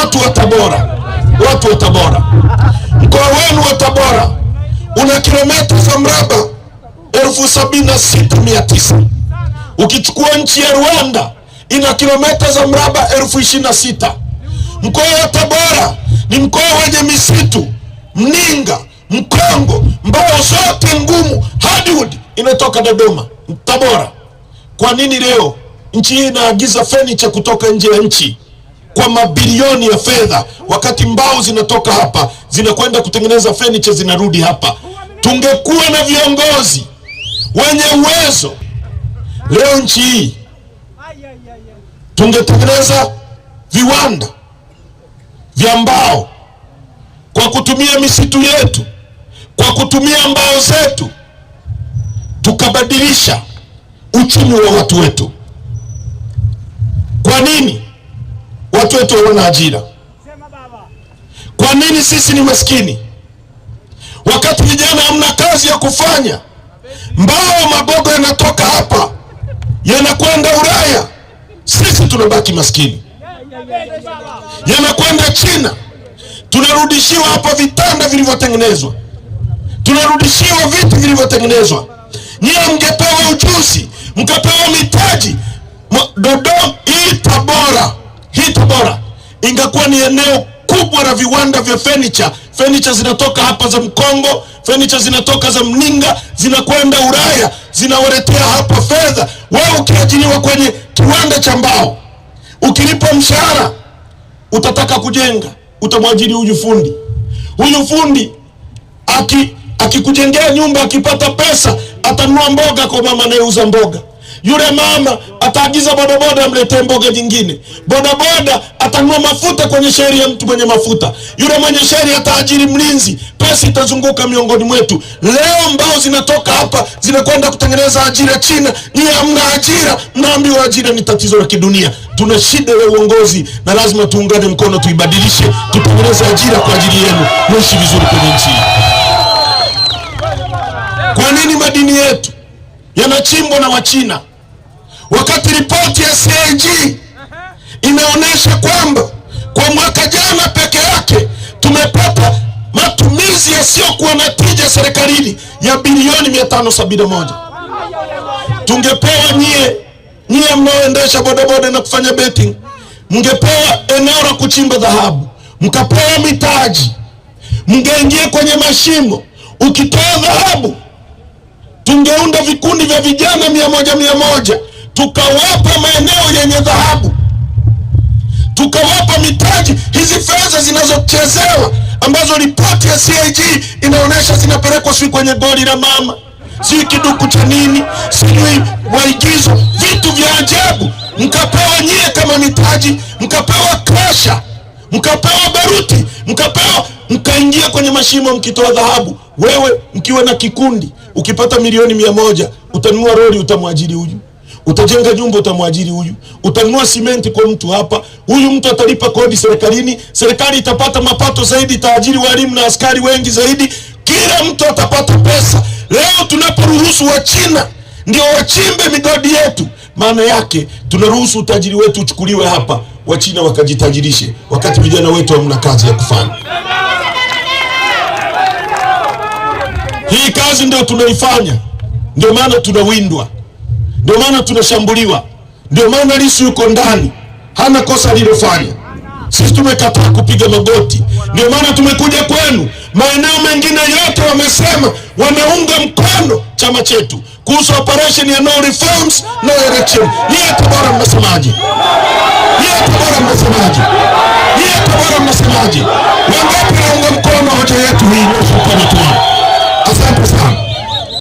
watu wa Tabora, watu wa Tabora, mkoa wenu wa Tabora una kilomita za mraba elfu sabini na sita mia tisa ukichukua nchi ya Rwanda ina kilomita za mraba elfu ishirini na sita Mkoa wa Tabora ni mkoa wenye misitu Mninga, mkongo, mbao zote ngumu, hardwood inatoka Dodoma, Tabora. Kwa nini leo nchi hii inaagiza fenicha kutoka nje ya nchi? kwa mabilioni ya fedha, wakati mbao zinatoka hapa zinakwenda kutengeneza fenicha zinarudi hapa. Tungekuwa na viongozi wenye uwezo leo nchi hii tungetengeneza viwanda vya mbao kwa kutumia misitu yetu, kwa kutumia mbao zetu, tukabadilisha uchumi wa watu wetu. Kwa nini? watoto wana ajira. Kwa nini sisi ni maskini wakati vijana hamna kazi ya kufanya? Mbao magogo yanatoka hapa yanakwenda Ulaya, sisi tunabaki maskini. Yanakwenda China, tunarudishiwa hapa vitanda vilivyotengenezwa, tunarudishiwa vitu vilivyotengenezwa. nyiye mngepewa ujuzi, mkapewa mitaji Dodoma hii Tabora hii Tabora ingekuwa ni eneo kubwa la viwanda vya furniture. Furniture zinatoka hapa za Mkongo, furniture zinatoka za Mninga, zinakwenda Ulaya, zinawaletea hapa fedha. Wewe ukiajiriwa kwenye kiwanda cha mbao, ukilipwa mshahara, utataka kujenga, utamwajiri huyu fundi. Huyu fundi akikujengea aki nyumba, akipata pesa atanunua mboga kwa mama anayeuza mboga. Yule mama ataagiza bodaboda amletee mboga nyingine, bodaboda atanua mafuta kwenye sheri ya mtu mwenye mafuta, yule mwenye sheri ataajiri mlinzi, pesa itazunguka miongoni mwetu. Leo mbao zinatoka hapa zinakwenda kutengeneza ajira China, niye hamna ajira, mnaambiwa ajira ni tatizo la kidunia. Tuna shida ya uongozi na lazima tuungane mkono, tuibadilishe, tutengeneze ajira kwa ajili yenu, muishi vizuri kwenye nchi. yanayochimbwa na Wachina, wakati ripoti ya CAG imeonyesha kwamba kwa mwaka jana peke yake tumepata matumizi yasiyokuwa na tija serikalini ya bilioni 571. Tungepewa nyie, nyie mnaoendesha bodaboda na kufanya betting, mngepewa eneo la kuchimba dhahabu, mkapewa mitaji, mngeingia kwenye mashimo. Ukitoa dhahabu tungeunda vikundi vya vijana mia moja mia moja tukawapa maeneo yenye dhahabu, tukawapa mitaji. Hizi fedha zinazochezewa ambazo ripoti ya cig inaonyesha zinapelekwa sijui kwenye goli la mama, sii kiduku cha nini, sijui waigizo, vitu vya ajabu, mkapewa nyie kama mitaji, mkapewa kasha, mkapewa baruti, mkapewa mkaingia kwenye mashimo mkitoa dhahabu. Wewe mkiwa na kikundi Ukipata milioni mia moja utanunua roli, utamwajiri huyu, utajenga nyumba, utamwajiri huyu, utanunua simenti kwa mtu hapa, huyu mtu atalipa kodi serikalini, serikali itapata mapato zaidi, itaajiri walimu na askari wengi zaidi, kila mtu atapata pesa. Leo tunaporuhusu Wachina ndio wachimbe migodi yetu, maana yake tunaruhusu utajiri wetu uchukuliwe hapa, Wachina wakajitajirishe, wakati vijana wetu hamna kazi ya kufanya. hii kazi ndio tunaifanya, ndio maana tunawindwa, ndio maana tunashambuliwa, ndio maana Lissu yuko ndani, hana kosa alilofanya. Sisi tumekataa kupiga magoti, ndio maana tumekuja kwenu. Maeneo mengine yote wamesema wameunga mkono chama chetu kuhusu operation ya no reforms no election. Nyie Tabora mmesemaje? Nyie Tabora mmesemaje?